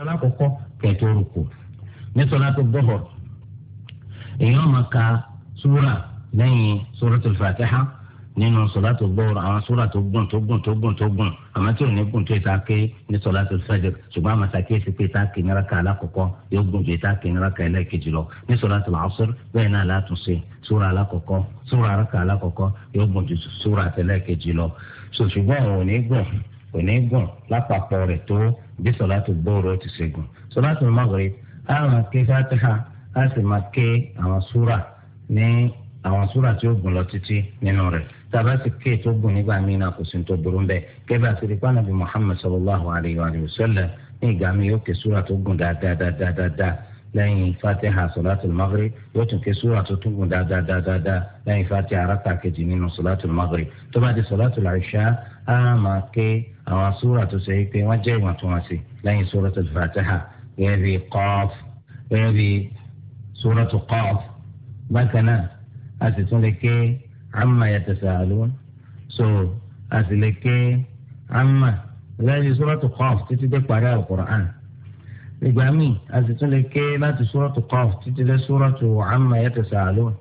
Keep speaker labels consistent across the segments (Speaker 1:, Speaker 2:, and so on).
Speaker 1: sọlá kọkọ kẹtọ rúkọ ní sọlá tó gbọbọ èèyàn máa ka súra lẹ́yìn súratul Fatiha nínú sọlá tó gbọbọ àwọn súra tó gùn tó gùn tó gùn tó gùn àmọ́ tí ò ní gùn tó ìta ké ní sọlá tó Fajr ṣùgbọ́n àmọ́ sàkíyèsí pé ìta ké nira ká alákọ̀ọ́kọ́ yóò gùn tó ìta ké nira ká ẹlẹ́ẹ̀kejì lọ ní sọlá tó Asr bẹ́ẹ̀ náà látúnṣe súra alákọ̀ọ́kọ́ súra alákọ̀ọ́kọ́ yóò gùn tó súra tẹ́lẹ̀kejì lọ ṣùgbọ́n òun ò ní gùn kò ní gùn lápapọ̀ rẹ̀ tó bí sọ̀látù gbóòrò ti ṣe gùn sọ̀látù maghrib á máa ké fatiha á sì máa ké àwọn súrà ní àwọn súrà tí ó gùn lọ títí nínú rẹ̀ tàbá sì ké tó gùn nígbà míì náà kò sí tó burú bẹ́ẹ̀ kébé àtìrí pànàbí muhammed sallallahu alayhi wa sallam ní ìgbà mi yóò ké súrà tó gùn dáadáa lẹ́yìn fatiha sọ̀látùl maghrib yóò tún ké súra tó tún gùn dáadáa lẹ́yìn fatiha arákà kejì nínú sọ̀látùl maghrib tó bá di sọ̀látùl ìṣá á máa ké àwọn súrà tó ṣe pé wọ́n jẹ́ ìwọ̀ntúnwọ̀nsì lẹ́yìn suratul Fatiha gẹ́gẹ́ bíi Qaf gẹ́gẹ́ bíi suratu Qaf bákan náà a sì tún lè ké amma yatasaalun so a sì lè ké amma lẹ́yìn suratu Qaf títí dé parí al-Qur'an ìgbà míì a sì tún lè ké láti suratu Qaf títí dé suratu amma yatasaalun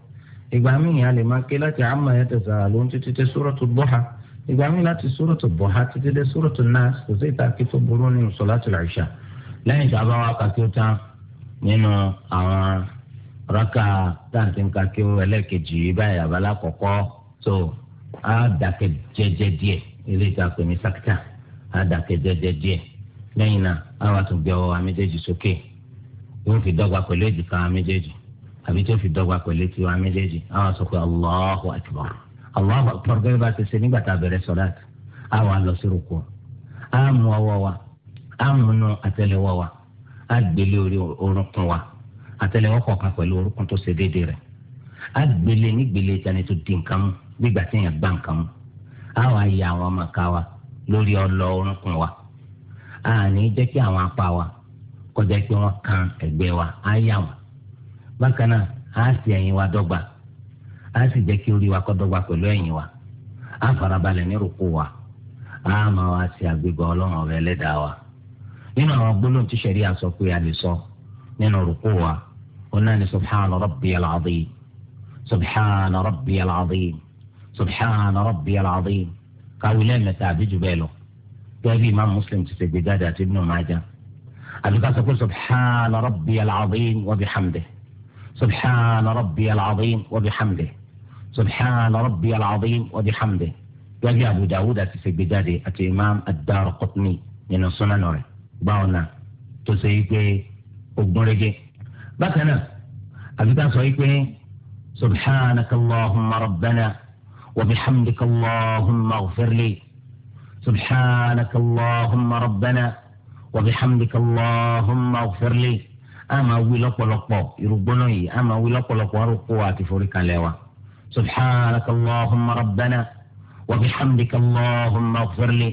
Speaker 1: ìgbà míì a lè máa ké láti amma yatasaalun títí dé suratu Duha. ìgbà mi láti sóròtò bọ̀há títí ha sóròtò náà kò sí ìtàkì tó burú nínú sọ̀látùl ìṣà lẹ́yìn tí a bá wá kakí ó tán nínú àwọn rákà táǹtì kakí ó ẹlẹ́ẹ̀kejì báyìí àbálá kọ̀kọ́ tó á dàkẹ́ jẹ́jẹ́ díẹ̀ ilé ìtàkùn ní sákítà á dàkẹ́ jẹ́jẹ́ díẹ̀ lẹ́yìn náà àwọn àtúngbẹ́ ọwọ́ wa sókè fi dọ́gba pẹ̀lú èjìká wa méjèèjì àbí tó fi dọ́gba pẹ̀lú Allahu akbar gẹ́gẹ́ bá ti ṣe nígbà tá a bẹ̀rẹ̀ sọ̀láàtì á wà wa a mú nú wa á orí orúnkún wa àtẹ́lẹwọ́ kọ̀ọ̀kan pẹ̀lú orúnkún tó ṣe déédéé rẹ̀ á nígbélé ìtàní tó di nǹkan mú gbígbà tí èèyàn gbá nǹkan mú á wà ya àwọn ọmọ ká wa lórí ọlọ orúnkún wa á ní kí àwọn wa kọjá pé kan wa á yà bákan náà á sì wa á sì jẹ́ kí orí wa kó dọ́gba pẹ̀lú ẹ̀yìn wa á farabalẹ̀ ní rúkú wa á máa wá sí àgbégbá ọlọ́run ọ̀rẹ́ ẹlẹ́dàá wa nínú àwọn gbólóhùn tí sẹ̀rí àsọ pé a lè sọ nínú rúkú wa òun náà ni subhana rabbi al-azim subhana rabbi al-azim subhana rabbi al-azim káwí lẹ́ẹ̀mẹ́ta àbí jù bẹ́ẹ̀ lọ gẹ́gẹ́ bí imaam muslim ti ṣe gbé jáde àti ibnu majah àbíká sọ pé subhana rabbi al-azim wa bihamdihi subhana rabbi al-azim wa bihamdihi subhana rabbi al-azim wa bihamdi gẹ́gẹ́ abu dawud àti sègbéjáde àti imam ad-darqutni nínú sunan rẹ̀ báwọn náà tó ṣe yí pé ogun rege bákan náà àbíká sọ yí pé subhanaka allahumma rabbana wa bihamdika allahumma ighfirli subhanaka allahumma rabbana wa bihamdika allahumma ighfirli a máa wí lọ́pọ̀lọpọ̀ irúgbóná yìí a máa wí lọ́pọ̀lọpọ̀ arúgbó àti foríkalẹ̀ wa. سبحانك اللهم ربنا وبحمدك اللهم اغفر لي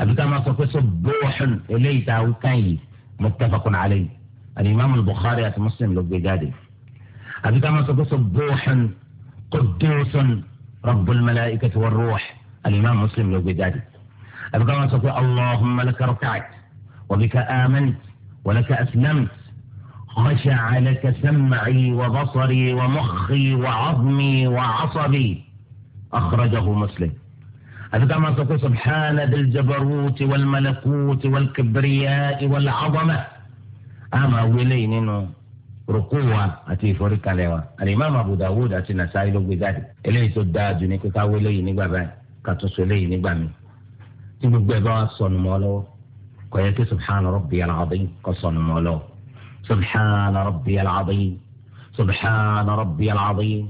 Speaker 1: أبي كما سبوح إليه تاوكاي متفق عليه الإمام البخاري أتى مسلم لو بيجادي أبي كما سبوح قدوس رب الملائكة والروح الإمام مسلم لو بيجادي أبي كما اللهم لك ركعت وبك آمنت ولك أسلمت خشع لك سمعي وبصري ومخي وعظمي وعصبي أخرجه مسلم هذا كما تقول سبحان ذي الجبروت والملكوت والكبرياء والعظمة أما ولين ركوع أتي فريق عليها الإمام أبو داود أتي سائل بذلك إليه تداد نكو كاولي بابا بان بامي تبقى بابا صنم الله كويك سبحان ربي العظيم كصنم الله سبحان ربي العظيم سبحان ربي العظيم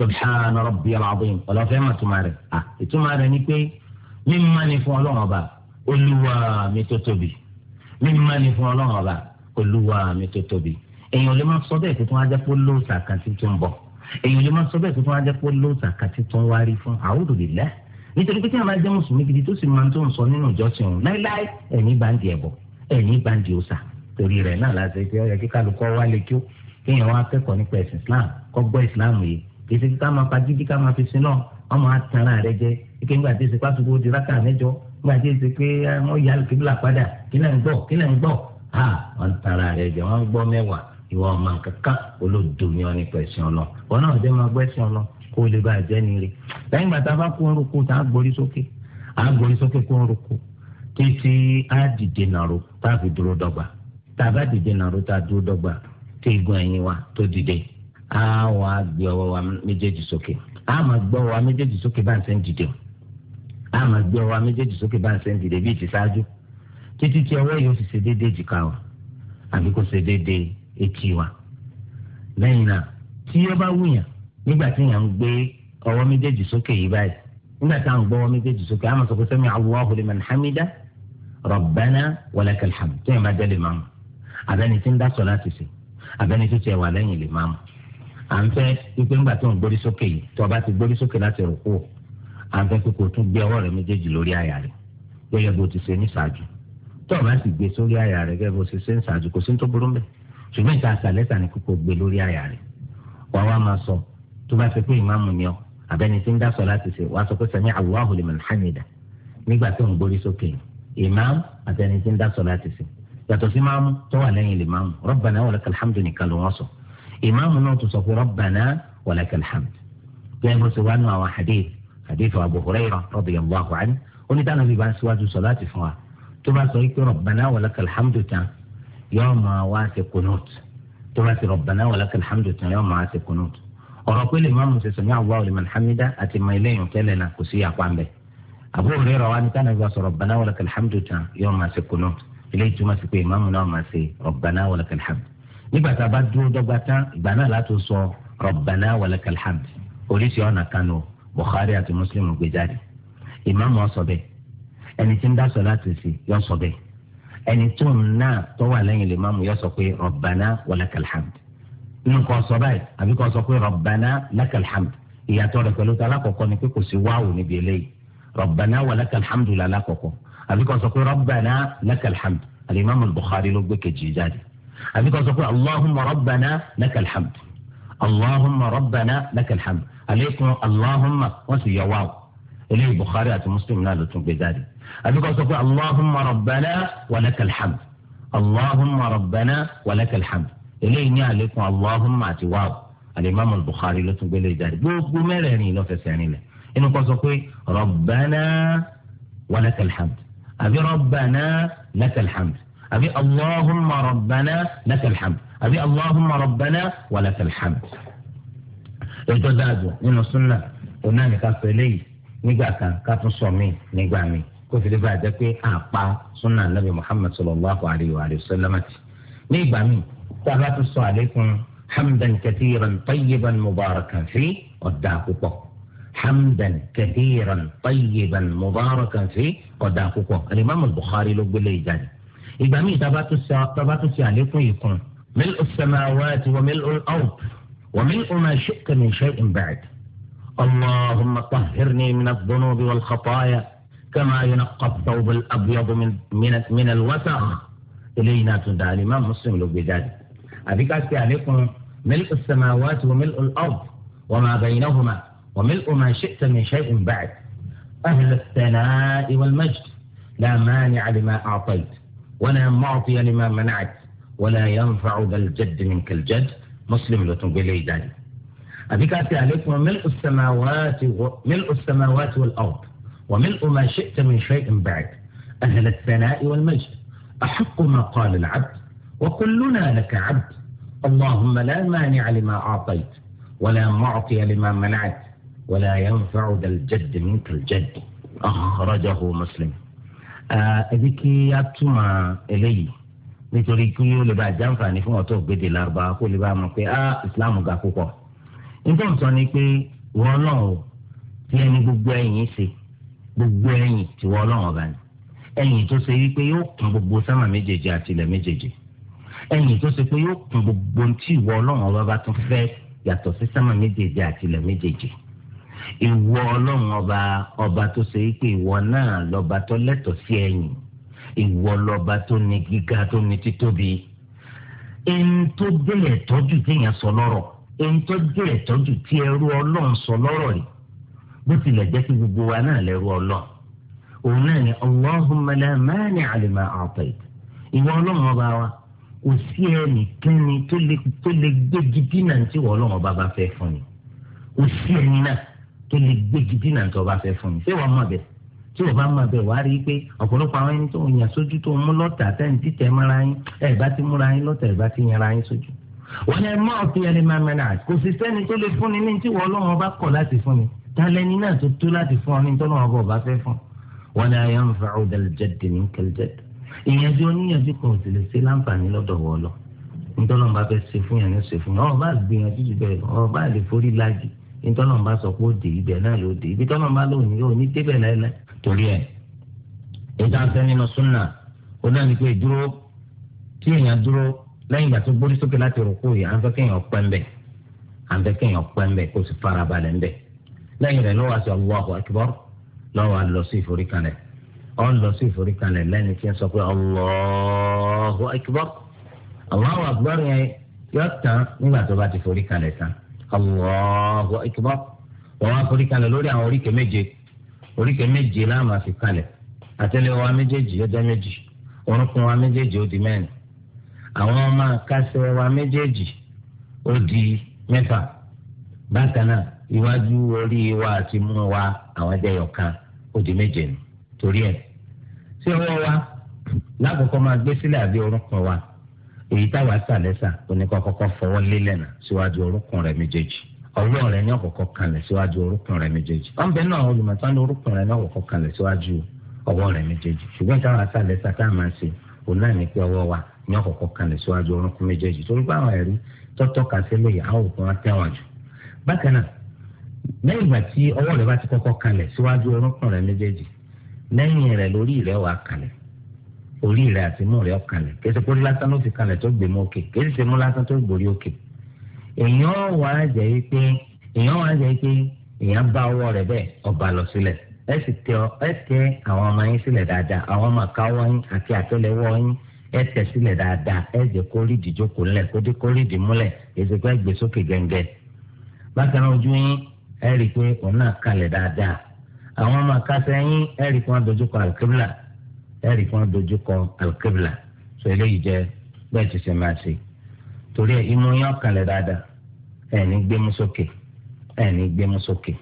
Speaker 1: سبحان ربي العظيم ولا فهم تمارة آه تمارة نكوي mímá ni fún ọlọ́run ọba olúwa mi tó tóbi mímá ni fún ọlọ́run ọba olúwa mi tó tóbi èèyàn lè má sọ bẹ́ẹ̀ tuntun ajẹ́ pé lóòsà kan ti tún bọ̀ èèyàn lè má sọ bẹ́ẹ̀ tuntun ajẹ́ pé lóòsà kan ti tún wárí fún àwòrán ìlẹ́ nítorí pé tí a máa jẹ́ mùsùlùmí gidi tó sì máa tó ń sọ nínú ìjọsìn òun láéláé ẹ̀ní bá ń di ẹ̀bọ̀ ẹ̀ní bá ń di òòsà torí rẹ̀ náà la ṣe pé ọ yẹ kí kálukọ́ wá lè kí ó kéèyàn wá kẹ́kọ̀ọ́ nípa ẹ̀sìn islam kọ́ gbọ́ islam yìí kì í ká máa ká máa fi náà ike tí ìsìnkú àtúgbò di rákà mẹ́jọ tí ìsìnkú eh, yà kí gbọ́ ha tan ara rẹ jẹ gbọ́ mẹ́wàá ìwọ ọmọ kankan olódo ni nípa ọlọ wọn náà jẹ́ máa gbọ́ ẹ̀sìn ọlọ kó o lè bá lẹ́yìn ìgbà tá a bá kó tá a sókè a sókè kó títí dìde nàró tá a fi dúró tàbá dìde nàró tá a dúró dọ́gba tó igun ẹ̀yìn wa tó dìde á wà á gbé ọwọ́ wa méjèèjì sókè á máa gbé ọwọ́ wa méjèèjì sókè bá ń sẹ́ ń dìde á máa gbé ọwọ́ wa méjèèjì sókè bá ń sẹ́ ń dìde bíi ti ṣáájú títí tí ọwọ́ yóò fi ṣe déédéé jìkà wa àbí kò ṣe déédéé etí wa lẹ́yìn náà tí yóò bá wúyàn nígbà tí yàn ń gbé ọwọ́ méjèèjì sókè yìí báyìí nígbà tá à gbọ́ ọwọ́ méjèèjì sókè á máa sọ pé sami'a Allahu liman hamida rabbana wa lakal tí yàn bá dẹ́lẹ̀ máa mú abẹ́ni tí ń dá sọ láti sè abẹ́ni tó tiẹ̀ wà lẹ́yìn lè máa mú à ń fẹ́ wípé ńgbà tó ń gbórí sókè yìí tó o bá ti gbórí sókè láti rò kó à ń fẹ́ pé kó tún gbé ọwọ́ rẹ méjèèjì lórí àyà rẹ gẹ́gẹ́ bó ti ṣe ní ṣáájú tó o bá sì gbé sórí àyà rẹ gẹ́gẹ́ bó ti ṣe ń ṣáájú kò sí ní tó burú mbẹ́ ṣùgbọ́n ìta àṣàlẹ́sà ni kókó gbé lórí àyà rẹ wàá wá máa sọ tó bá ṣe pé ìmáàmù ni ọ àbẹ́ni tí ń dá sọ láti ṣe wàá sọ pé sami Allahu liman hamida nígbà tó ń gbórí sókè ìmáàmù àtẹni tí yàtọ̀ sí máàmù tó wà lẹ́yìn lè máàmù rabbana walakal hamdu nìkan ló wọ́n sọ ìmáàmù náà tó sọ pé rabbana walakal hamdu bẹ́ẹ̀ bó ṣe wá nù àwọn hadith hadith Abu Hurairah radiyallahu anhu onídàánà bíbá ń síwájú sọ láti fún wa tó bá sọ pé rabbana walakal hamdu tán yóò máa wá ṣe kunut tó bá ṣe rabbana walakal hamdu tán yóò máa ṣe kunut ọ̀rọ̀ pé lè máàmù ṣe eléyìí túmọ̀ sí pé ìmáàmù náà máa ṣe rabbana walakal hamd nígbà tá a bá dúró dọ́gba tán ìgbà náà látò sọ rabbana walakal hamd oríṣi ọ̀nà kanu Bukhari àti Muslim gbé jáde ìmáàmù ó sọ bẹ́ẹ̀ ẹni tí ń dá sọ láti sí yó sọ bẹ́ẹ̀ ẹni tó ń ná tó wà lẹ́yìn lè máàmù yó sọ pé rabbana walakal hamd inú kan sọ báyìí àbí kan sọ pé rabbana lakal hamd àbí kan sọ pé rabbana lakal hamd alimami bukhari ló gbé kejì jáde àbí kan sọ pé allahumma rabbana lakal hamd allahumma rabbana lakal hamd aleikum allahumma wọ́n sì yọ wáwò eléyìí bukhari àti muslim náà ló tún gbé jáde àbí kan sọ pé allahumma rabbana wa lakal hamd allahumma rabbana wa lakal hamd eléyìí ní aleikum allahumma àti wáwò alimami bukhari ló tún gbé lè jáde gbogbo mẹ́rẹ̀ẹ̀rin ló fẹsẹ̀ rìn lẹ̀ inú kan sọ pé rabbana wa أبي ربنا لك الحمد أبي اللهم ربنا لك الحمد أبي اللهم ربنا ولك الحمد إذا إن السنة أنا كفلي نجا كان كفصومي نجامي كفلي بعد كي أبا سنة النبي محمد صلى الله عليه وآله وسلم نيجا مي نجامي تبعت عليكم حمدا كثيرا طيبا مباركا فيه وداك بقى حمدا كثيرا طيبا مباركا فيه ọ̀dà الإمام البخاري لو بلي gbélé إذا ìgbà míì tábà tó ṣe àlékún yìí kún mil samawati wa mil ọ̀d wa اللهم طهرني من الذنوب والخطايا كما ينقى الثوب الابيض من من من الوسخ الينا تندى الامام مسلم لو بذلك ابيك اسكي ملء السماوات وملء الارض وما بينهما وملء ما شئت من شيء بعد أهل الثناء والمجد لا مانع لما أعطيت ولا معطي لما منعت ولا ينفع ذا الجد منك الجد مسلم لتنقلي داني أبيك أتي عليك وملء السماوات و... ملء السماوات والأرض وملء ما شئت من شيء بعد أهل الثناء والمجد أحق ما قال العبد وكلنا لك عبد اللهم لا مانع لما أعطيت ولا معطي لما منعت ولا ينفع ذا الجد منك الجد أخرجه مسلم ẹbí kí a túmọ̀ eléyìí nítorí kí ó lè bá jàǹfààní fún ọ̀tọ̀ gbèdè lárúbá kó lè bá mọ̀ pé ah islam ga púpọ̀ nígbà tó ní pé wọ́n náà ò tí ẹni gbogbo ẹ̀yìn ṣe gbogbo ẹ̀yìn tí wọ́n náà ọba ni ẹ̀yìn tó ṣe wípé yóò kún gbogbo sámà méjèèjì àti ilẹ̀ méjèèjì ẹ̀yìn tó ṣe pé yóò kún gbogbo tí ìwọ ọlọ́run ọba bá tún fẹ́ yàtọ̀ sí sámà méjèèjì àti ilẹ̀ méjèèjì ìwọ ọlọ́run ọba ọba tó ṣe pé ìwọ náà lọ́ba tó lẹ́tọ̀ọ́ sí ẹ̀yìn ìwọ lọ́ba tó ní gíga tó ní títóbi ẹni tó bẹ̀rẹ̀ tọ́jú téèyàn sọ lọ́rọ̀ ẹni tó bẹ̀rẹ̀ tọ́jú tí ẹrú ọlọ́run sọ lọ́rọ̀ rí bó tilẹ̀ jẹ́ kí gbogbo wa náà lẹ́rú ọlọ́run òun náà ni Allahumma la mani'a lima a'tayt ìwọ ọlọ́run ọba wa kò sí ẹnikẹ́ni tó lè gbégi dínà tí ìwọ ọlọ́run ọba bá fẹ́ fún ni kò sí ẹni náà tó lè gbégi dínà tó bá fẹ́ fún mi ṣé wọ́n mọ̀ bẹ́ẹ̀ tí wọ́n bá mọ̀ bẹ́ẹ̀ wá rí i pé ọ̀pọ̀lọpọ̀ àwọn ẹni tó ń yàn sójú tó ń mú lọ́tà tẹ́ni títẹ̀ mọ́ra yín ẹ̀ bá ti múra yín lọ́tà ẹ̀ bá ti yanra yín sójú. wọ́n yẹ mọ́ ọ̀pẹ́ ẹni máa mẹ́ra kò sì sẹ́ni tó lè fún ni ní tí wọ́n lọ́wọ́ bá kọ̀ láti fún ni tálẹ́ni náà tó tó láti fún ọ ní tó lọ́wọ́ bọ̀ bá fẹ́ fún. wọ́n ní ayé ń fa ọ̀dàlẹ́jẹ̀dẹ̀ ní kẹlẹ́jẹ̀dẹ̀ ìyànjú oníyànjú kan ò sì lè ṣe láǹfààní lọ́dọ̀ wọ́ lọ nítorí wọn bá fẹ́ ṣe fún yàn ní ṣe fún yàn ọ̀ bá ìtọ́nà bá sọ pé ó dé ibẹ̀ náà ló ibi tọ́nà bá lòun yóò ní débẹ̀ láìláì. torí ẹ ètò afẹ́ nínú súnà ó náà ní pé dúró tí èèyàn dúró lẹ́yìn ìgbà tó gbórí sókè láti rúkú yìí à ń fẹ́ kéèyàn pẹ́ ń bẹ̀ à ń fẹ́ kéèyàn pẹ́ ń bẹ̀ kó sì fara balẹ̀ ń bẹ̀ lẹ́yìn rẹ̀ lọ́wọ́ àti Allahu akbar lọ́wọ́ lọ ọ lọ sí ìforíkalẹ̀ lẹ́ni tí ń sọ Allahu akbar wọn á forí kalẹ̀ lórí àwọn oríkè méje oríkè méje la máa fi kalẹ̀ àtẹ́lẹwọ́ wa méjèèjì ó jẹ́ méjì orúnkún wa méjèèjì ó di mẹ́rin àwọn ọmọ akásẹ̀ wa méjèèjì ó di mẹ́fà bákan náà iwájú orí wa àti mú wa àwọn ẹdẹyọ kan ó di méje nù torí ẹ̀ ṣé wọn wá lákòókò máa gbé sílẹ̀ àbí orúnkún wa èyí táwa sàlẹ́sà oníkọ́kọ́kọ́ fọwọ́ lélẹ̀ náà síwájú orúkún rẹ̀ méjèèjì ọwọ́ rẹ̀ ní ọ̀kọ̀ọ̀kan kanlẹ̀ síwájú orúkún rẹ̀ méjèèjì ọ̀nbẹ náà olùmọ̀tánú orúkún rẹ̀ ní ọ̀kọ̀ọ̀kan kanlẹ̀ síwájú ọwọ́ rẹ̀ méjèèjì ṣùgbọ́n táwa sàlẹ́sà tá a òun náà ní pé ọwọ́ wa ní ọ̀kọ̀ọ̀kan kanlẹ̀ síwájú orúkún méjèèjì torí pé àwọn ẹ̀rí tọ́tọ́ ka sílẹ̀ àwọn òkun wa tẹ̀wọ̀n jù bákan náà lẹ́yìn ìgbà tí ọwọ́ rẹ̀ bá ti kọ́kọ́ kanlẹ̀ síwájú orúkún orí rẹ àti inú rẹ ọkàlẹ̀ kẹsì pé lásán ló fi kalẹ̀ tó gbé mú òkè kẹsì ṣe mú lásán tó gbórí òkè èèyàn wà á jẹ́ pé èèyàn wà á jẹ́ pé èèyàn bá ọwọ́ rẹ bẹ́ẹ̀ ọba lọ sílẹ̀ ẹ sì tẹ ẹ tẹ àwọn ọmọ yín sílẹ̀ dáadáa àwọn ọmọ àkáwọ́ yín àti àtẹ́lẹwọ́ yín ẹ tẹ sílẹ̀ dáadáa ẹ jẹ́ kó rí ìdíjókòó ńlẹ̀ kó dé kó rí ìdímúlẹ̀ èsì pé gbé sókè gẹ́gẹ́ bákan ojú yín ẹ rí i pé òun náà kalẹ̀ dáadáa àwọn ọmọ akásẹ́ yín ẹ rí i pé wọ́n dojú kọ àlùkébìlà ẹ̀rí kí wọ́n dojú kọ alqibla sọ eléyìí jẹ́ bẹ́ẹ̀ ti ṣe máa ṣe torí ẹ̀ imú yẹn ọ̀kànlẹ̀ dáadáa ẹ̀ ní gbé mú sókè ẹ̀ ní gbé mú sókè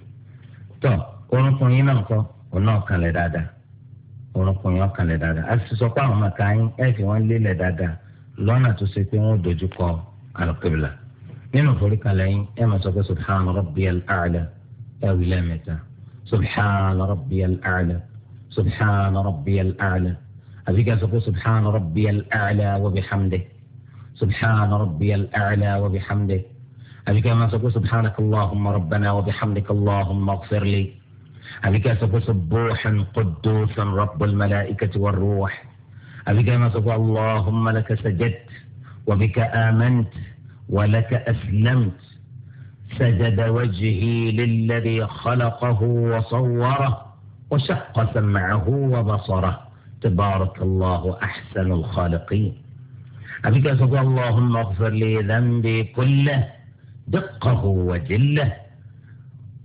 Speaker 1: tọ́ orúnkún yín náà kọ́ òun ọ̀kànlẹ̀ dáadáa orúnkún yín ọ̀kànlẹ̀ dáadáa a sì sọ pé àwọn màkà yín ẹ̀ fi wọ́n lélẹ̀ dáadáa lọ́nà tó ṣe pé wọ́n dojú kọ nínú ìforíkalẹ̀ yín ẹ̀ máa sọ pé subhana سبحان ربي الأعلى أبيك أقول سبحان ربي الأعلى وبحمده سبحان ربي الأعلى وبحمده أبيك ما تقول سبحانك اللهم ربنا وبحمدك اللهم اغفر لي أبيك تقول سبوحا قدوسا رب الملائكة والروح أبيك ما تقول اللهم لك سجدت وبك آمنت ولك أسلمت سجد وجهي للذي خلقه وصوره وشق سمعه وبصره تبارك الله أحسن الخالقين أبيك أقول اللهم اغفر لي ذنبي كله دقه وجله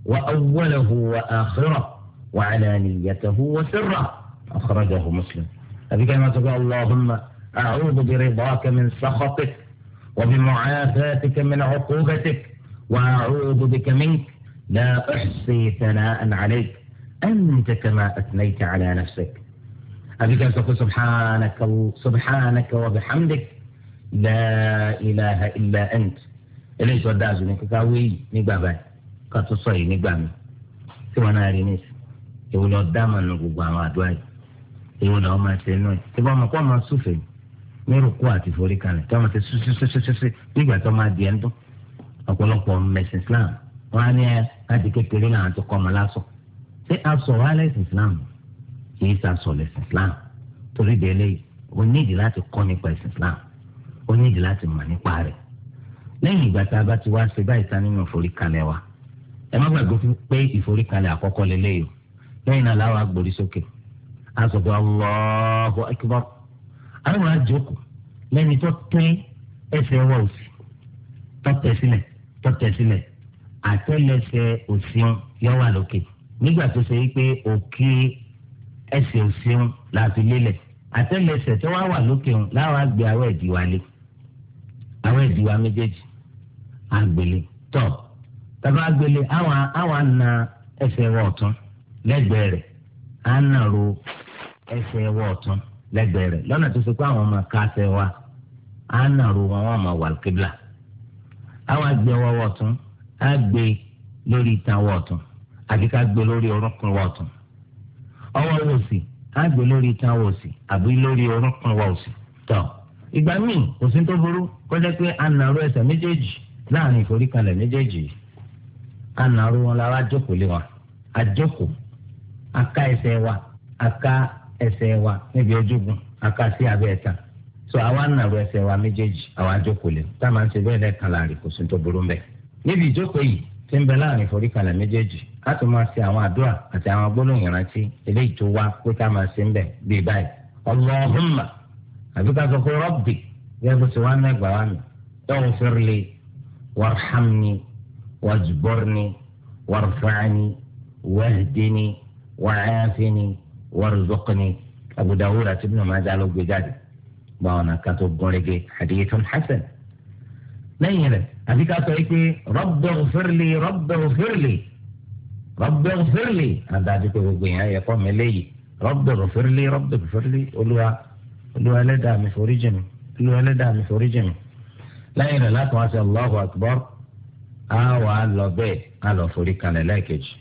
Speaker 1: وأوله وآخره وعلانيته وسره أخرجه مسلم أبيك ما تقول اللهم أعوذ برضاك من سخطك وبمعافاتك من عقوبتك وأعوذ بك منك لا أحصي ثناء عليك أنت كما أثنيت على نفسك أبيك أن تقول سبحانك سبحانك وبحمدك لا إله إلا أنت eléyìí tó dáa sùn ní kíkà wéyì nígbà báyìí ká tó sọ yìí nígbà mi tí wọn náà rí ní sí èwo lọ dá màá nu gbogbo àwọn àdúrà yìí èwo lọ máa ṣe nù yìí tí wọn máa kọ́ máa súfè ní rúkú àti forí kalẹ̀ tí wọn máa ṣe ṣíṣíṣíṣíṣí nígbà tó máa di ẹ̀ ń dún ọ̀pọ̀lọpọ̀ mẹ̀sìn Islam wọn á ní ẹ láti kékeré làwọn tó kọ́ ọmọ lásán ṣé aṣọ wa lẹ́sìn islam kì í ṣaṣọ lẹ́sìn islam torí délé o nídìí láti kọ́ nípa ẹ̀sìn islam o nídìí láti mọ̀ nípa rẹ̀ lẹ́yìn ìgbà tá a bá ti wá ṣe báyìí ta nínú ìforíkalẹ̀ wa ẹ má gbàgbé pé ìforíkalẹ̀ àkọ́kọ́ lélẹ́yìí o lẹ́yìn náà láwa gbòrí sókè a sọ pé Allahu akbar àwọn àjòkò lẹ́ni tó tẹ ẹsẹ̀ wa òsì tó tẹ̀ sílẹ̀ tó tẹ̀ sílẹ̀ àtẹ́lẹsẹ̀ òsì yọ wà lókè. Okay nígbà tó ṣe pé òkè ẹsẹ̀ òṣèlú la fi lélẹ̀ àtẹ́lẹsẹ̀ tó wá wà lókè òun láwọn àgbẹ àwọn ìdíwà lé àwọn ìdíwà méjèèjì àgbélé tọ tàbí àgbélé àwọn àwọn àna ẹsẹ̀ wọ ọ̀tún lẹ́gbẹ̀ẹ́ rẹ̀ àna ro ẹsẹ̀ wọ ọ̀tún lẹ́gbẹ̀ẹ́ rẹ̀ lọ́nà tó ṣe pé àwọn ọmọ kásẹ wa àna ro wọn wọn ọmọ wàlúkébìlà àwọn àgbẹ wọ ọ̀tún àgbẹ lórí ìtàn wọ ọ̀tún. àbí ká gbé lórí orúnkún wa ọ̀tún ọwọ́ wò sí ká gbé lórí itan wò sí àbí lórí orúnkún wa òsì tán ìgbà míì kò sí tó burú kó jẹ́ pé anàró ẹsẹ̀ méjèèjì láàrin ìforíkalẹ̀ méjèèjì anàró wọn lára jókòó lé wa àjókòó aká ẹsẹ̀ wa aká ẹsẹ̀ wa níbi ojúgun aká so àwa anàró ẹsẹ̀ wa méjèèjì àwa jókòó lé máa ń ṣe bẹ́ẹ̀ lẹ́ẹ̀kan tí ń bẹ láàrin ìforíkalẹ̀ méjèèjì ká tó máa ṣe àwọn àdúrà àti àwọn gbólóhùn ìrántí eléyìí tó wá pé ká máa ṣe ń bẹ̀ bíi báyìí Allahumma àbí ká sọ pé Rabbi yẹ́nbó ti wá ń mẹ́gbàá wá mi ighfir li warhamni wajburni warfa'ni wahdini wa'afini warzuqni Abu Dawud àti Ibn Majah ló gbé jáde báwọn àkàtó gúnrégé hadithun hasan lẹ́yìn rẹ̀ àti ká sọ pé Rabbighfirli Rabbighfirli Rabbighfirli àdájú pé gbogbo yẹn ayẹkọ mi léyìí Rabbighfirli Rabbighfirli olúwa olúwa ẹlẹ́dàá mi forí jìn mí olúwa ẹlẹ́dàá mi forí jìn mí lẹ́yìn rẹ̀ láti wá sí Allahu Akbar á wà á lọ bẹ́ẹ̀ á lọ forí kalẹ̀ lẹ́ẹ̀kejì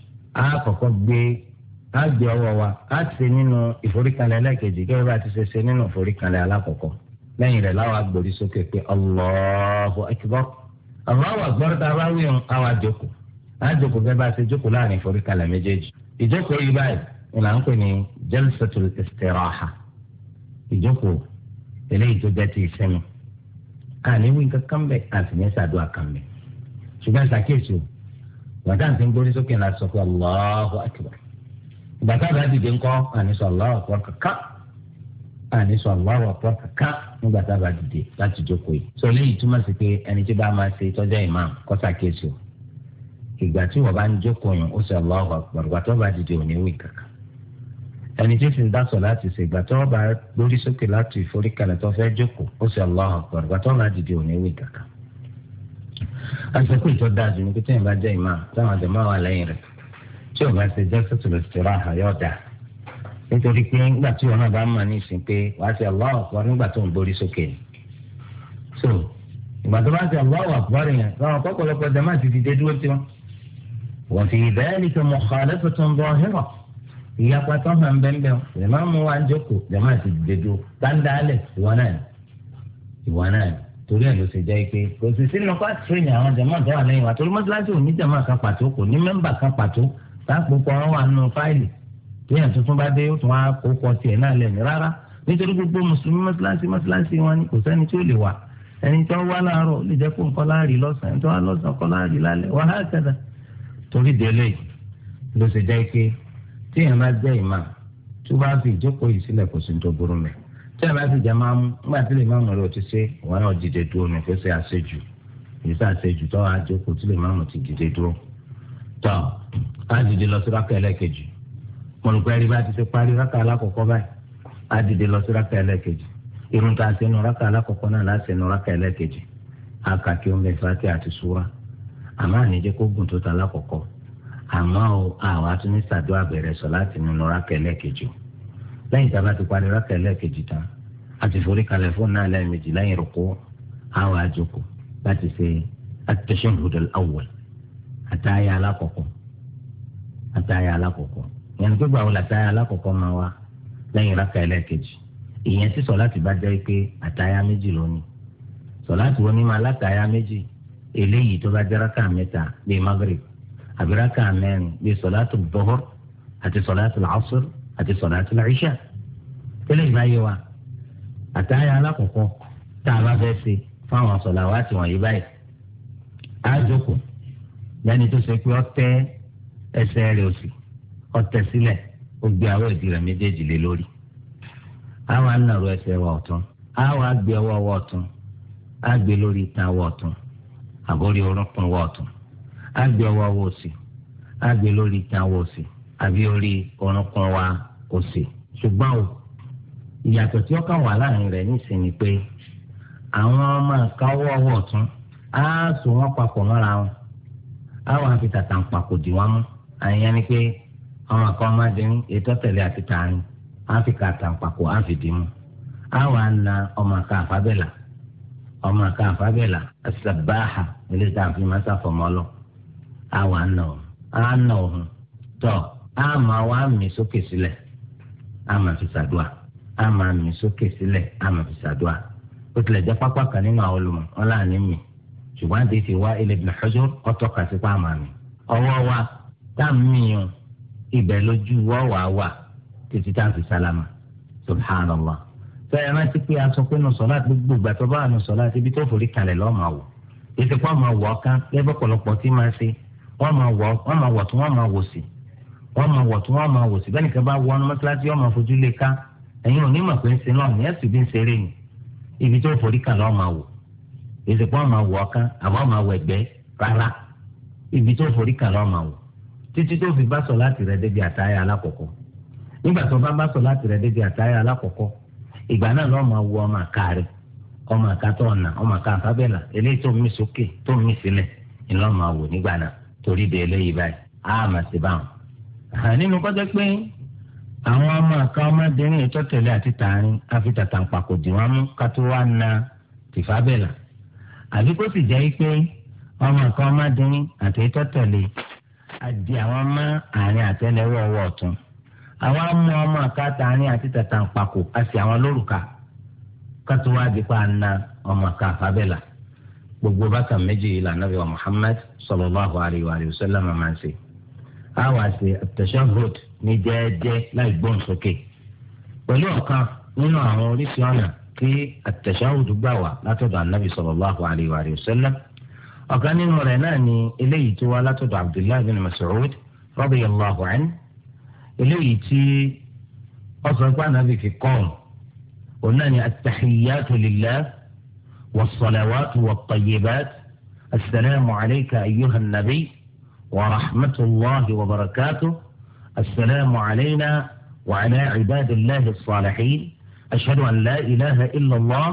Speaker 1: á kọ́kọ́ gbé á gbé ọwọ́ wa á ti nínú ìforíkalẹ̀ lẹ́ẹ̀kejì gẹ́gẹ́ bá a ti ṣe ṣe nínú ìforíkalẹ̀ alákọ̀ọ́kọ́ lẹ́yìn rẹ̀ láwọn agbórí pé Allahu Akbar àmọ́ àwọn àgbọ̀rọ̀ tá a bá wíyàn àwọn àjòkò àjòkò bẹ́ẹ̀ bá ṣe jókòó láàrin ìforíkalẹ̀ méjèèjì ìjókòó yìí báyìí ìlà ń pè ní jalsatul istiraha ìjókòó eléyìí tó jẹ́ ti ìsinmi àníwí nǹkan kan bẹ̀ àti ní sàdúrà kan bẹ̀ ṣùgbọ́n ṣàkíyèsí o bàtà ti ń gbórí sókè náà sọ pé Allahu akbar bàtà bá dìde ńkọ́ àní sọ Allahu akbar kankan àní sọ aláwọ̀ pọ̀ kankan nígbà tá a bá dìde láti jókòó yìí. sọ léyìí túmọ̀ sí pé ẹni tí bá máa ṣe tọ́jà imam kọ́sà kéésì o ìgbà tí wọ́n bá ń jókòó yàn ó sọ aláwọ̀ pọ̀ ìgbà tó bá dìde òní wí kankan. ẹni tí sì ń dásọ̀ láti ṣe ìgbà tó bá lórí sókè láti ìforíkalẹ̀ tó fẹ́ jókòó ó sọ aláwọ̀ pọ̀ ìgbà tó bá dìde òní wí kankan. àṣepọ̀ ìtọ́ nítorí pé nígbà tí wọn náà bá mà ní ìsìn pé wàá ṣe Allahu Akbar nígbà tó ń borí sókè so ìgbà tó bá ṣe Allahu Akbar yẹn láwọn ọ̀pọ̀lọpọ̀ jama ti dìde dúró tí wọn. wa fi dhalika mukhalafatun zahira ìyapa tó hàn bẹ́ẹ̀ jama mú wa ń jókòó jama ti dìde dúró dáńdáálẹ̀ ìwọ náà ìwọ náà torí ẹ̀ ló ṣe jẹ́ pé kò sì sínú pàtírìnì àwọn jama tó wà lẹ́yìn wa torí mọ́tíláṣí ò ní jama kan kò ní mẹ́mbà kan pàtó táàpù kan wà nínú fáìlì ní àtúntún bá dé ó tún wá kó kọ tiẹ̀ náà lẹ́nu rárá nítorí gbogbo mùsùlùmí mọ́sálásí mọ́sálásí wọn ni kò sẹ́ni tí ó lè wà ẹni tó wá láàárọ̀ lè jẹ́ kó nǹkan láàrí lọ́sàn ẹni tó wá lọ́sàn kọ́ láàrí lálẹ́ wà á kẹ́dà torí délé ló ṣe jẹ́ pé tí èèyàn bá jẹ́ ìmà tó bá fi ìjókòó yìí sílẹ̀ kò sí ní tó burú mẹ́ tí èèyàn bá fi jẹ́ máa mú nígbà tí lè máa mú lọ ti ṣe ìwọ náà dìde dúró ní fẹsẹ̀ àṣejù ìfẹ́ àṣejù tó wàá jókòó tí lè máa mú ti dìde dúró tó a dìde lọ sí rákà ẹlẹ́kejì mọ̀lùkọ́ ẹ̀rí bá ti ṣe parí rákà alákọ̀ọ́kọ́ báyìí á dìde lọ sí rákà ẹlẹ́kejì irun tá a ṣe nu rákà alákọ̀ọ́kọ́ náà láti ṣe nu rákà ẹlẹ́kejì á kà kí oúnjẹ fàtí àti súra àmọ́ àníjẹ́ kó gùn tó ta alákọ̀ọ́kọ́ àmọ́ àwọn atúní sàdúrà bẹ̀rẹ̀ sọ láti nu rákà ẹlẹ́kejì lẹ́yìn tá a bá ti parí rákà ẹlẹ́kejì tán a ti forí kalẹ̀ fún náà ìyẹn tó gbà wọ́n làtáyà alákọ̀ọ́kọ́ máa wá lẹ́yìn rákà ẹlẹ́ẹ̀kejì ìyẹn tí sọ̀láàtì bá jẹ́ pé àtáyà méjì lónìí sọ̀láàtì wọn ní máa látàyà méjì eléyìí tó bá jẹ́ rákà mẹ́ta bíi magrib àbí rákà mẹ́rin bíi sọ̀láàtì bọ́họ́r àti sọ̀láàtì làásùr àti sọ̀láàtì làíṣà tẹ́lẹ̀ ìbáyé wa àtáyà alákọ̀ọ́kọ́ tá a bá fẹ́ ṣe fáwọn sọ̀láwátì ọtẹ sílẹ̀ ó gbé àwọn ìdí méjèèjì lé lórí àwọn ẹsẹ̀ wa ọ̀tún àwọn ọwọ́ wa ọ̀tún lórí itan wa ọ̀tún àbórí orúnkún wa ọwọ́ wa òsì lórí wa òsì àbí orí orúnkún wa òsì o ìyàtọ̀ tí ó kàn wà láàrin rẹ̀ nísìnyí àwọn àkọ́mọdéyìn ètò tẹ̀lé àti tààrin áfíríkà tàǹpàkò áfìdímù àwọn àna ọmọ àka àfábẹ́là ọmọ àka àfábẹ́là ṣàbáhà ilé tààfin máa ṣàfọmọ́lọ àwọn àna ọ̀hún àna ọ̀hún tọ́ àmà wa mì sókè sílẹ̀ àmà fi ṣàdúà àmà mì sókè sílẹ̀ àmà fi ṣàdúà ó tilẹ̀ jẹ́ pápá kan nínú àwọn olùmọ̀ wọn láàánú mi ṣùgbọ́n àti ti wá ilé Ibn Hajar ọ̀tọ̀ kàṣípà àmà mi ọwọ́ wa táà ń mìíràn ibẹ̀ lójú wa wà wà títí tá a fi sálámà subhanallah sọyìn náà ti pé aṣọ pé nùsọ̀lá gbogbo ìgbà tó bá nùsọ̀lá ti ibi tó forí kalẹ̀ lọ́ọ́ máa wò ètò pé wọ́n máa wọ̀ ọ́ kán lẹ́bẹ̀ tí máa ṣe wọ́n máa wọ̀ tún wọ́n máa wò sí wọ́n máa wọ̀ tún wọ́n máa wò sí bẹ́ẹ̀ nìkan bá wọ ọ́nà mọ́tíláṣí wọ́n fojú lé ká ẹ̀yin ò ní mọ̀ pé ń ṣe náà ní ẹ̀sùn bí ń ṣeré ni ibi tó forí kalẹ̀ ọ́ wò ètò pé máa wọ̀ ọ́ kán máa wọ̀ ẹ̀gbẹ́ rárá ibi tó forí kalẹ̀ ọ́ wò títí tó fi bá sọ láti rẹ débi àtàyà alákọ̀ọ́kọ́ nígbà tó bá bá sọ láti rẹ débi àtàyà alákọ̀ọ́kọ́ ìgbà náà lọ́ọ́ máa wo ọmọ àká rẹ ọmọ àká tó ọ̀nà ọmọ àká àfábẹ́là eléyìí tó mí sókè tó mí sílẹ̀ ńlọ́ọ́ máa wò nígbà náà torí de eléyìí báyìí á máa ṣe báwọn. nínú kọ́jọ́ pé àwọn ọmọ àká ọmọdéyìn ètò tẹ̀lé àti tààrin àfi tàtàǹpàkò àdì àwọn mọ́ àárín àtẹlẹwọ́ ọwọ́ ọ̀tún àwọn amú ọmọ àkàtà àárín àti tàtà ń pakò a sì àwọn lórúkà kátó wá di pa àna ọmọ àkà àfábẹ́là gbogbo bákan méjì yìí lànà wa Muhammad sallallahu alayhi wa sallam máa ń ṣe àwọn àṣe at-tashahhud ní jẹ́ẹ́jẹ́ láì gbóhùn sókè pẹ̀lú ọ̀kan nínú àwọn oríṣi ọ̀nà kí at-tashahhud gbà wá látọ̀dọ̀ ànábì sallallahu alayhi wa sallam ọ̀kan nínú rẹ̀ náà ni eléyìí tí wá látọ̀dọ̀ abdullahi bin mas'ud radiyallahu anhu eléyìí tí ọ̀sán pa nàbì fi kọ́ ọ̀n náà ni at-tahiyyatu lillah was-salawatu wat-tayyibat assalamu alayka ayyuha an-nabi wa rahmatulahi wa barakatuh assalamu alayna wa ala ibadillahi as-salihin ashhadu an la ilaha illa allah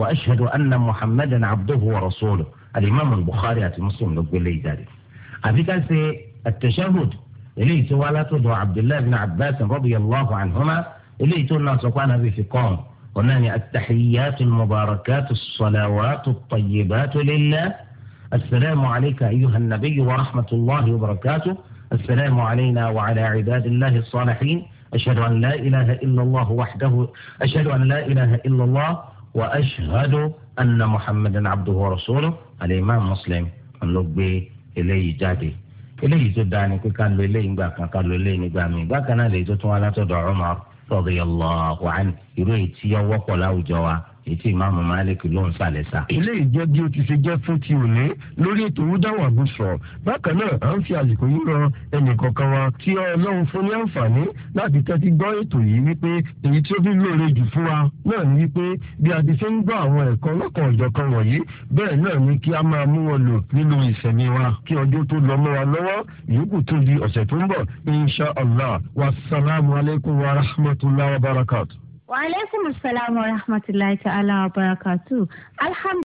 Speaker 1: wa ashhadu anna muhammadan abduhu wa rasuluhu. الإمام البخاري àti مسلم يقول لي ذلك ìjáde قال ká التشهد at-tashahhud eléyìí tó عبد الله بن عباس رضي الله عنهما eléyìí tó náà sọ في قوم وناني التحيات المباركات الصلوات الطيبات لله السلام عليك أيها النبي ورحمة الله وبركاته السلام علينا وعلى عباد الله الصالحين أشهد أن لا إله إلا الله وحده أشهد أن لا إله إلا الله وأشهد anna muhammadan abduhu wa rasuluhu al-imam muslim ló gbé eléyìí jáde eléyìí tó dáa ni pé ká lo eléyìí nígbà kan ká lo eléyìí nígbà míì bákan náà lè tó tún wá látọ̀dọ̀ Umar radiyallahu anhu irú èyí tí ó láwùjọ wa èyí tí ìmáàmù Malik ló ń sàlẹ̀ sá. ilé ìjẹ́ bí o ti ṣe jẹ́ fún ti òní lórí ètò wúdáwà bó sọ bákan náà à ń fi àsìkò yìí rọ ẹnìkọ̀ọ̀kan wa tí ọlọ́run fún ní àǹfààní láti tẹ́tí gbọ́ ètò yìí wípé èyí tí ó fi lóore jù fún wa náà ni wípé bí a ti ṣe ń gbọ́ àwọn ẹ̀kọ́ lọ́kàn ọ̀jọ̀kan wọ̀nyí bẹ́ẹ̀ náà ni kí a máa mú wọn lò nínú ìsẹ̀mí wa kí ọjọ́ tó lọ mọ́ wa lọ́wọ́ ìyókù tó di ọ̀sẹ̀ tó ń bọ̀ insha wasalaamualeykum wa rahmatulah wa barakatuh. وعليكم السلام ورحمة الله تعالى وبركاته الحمد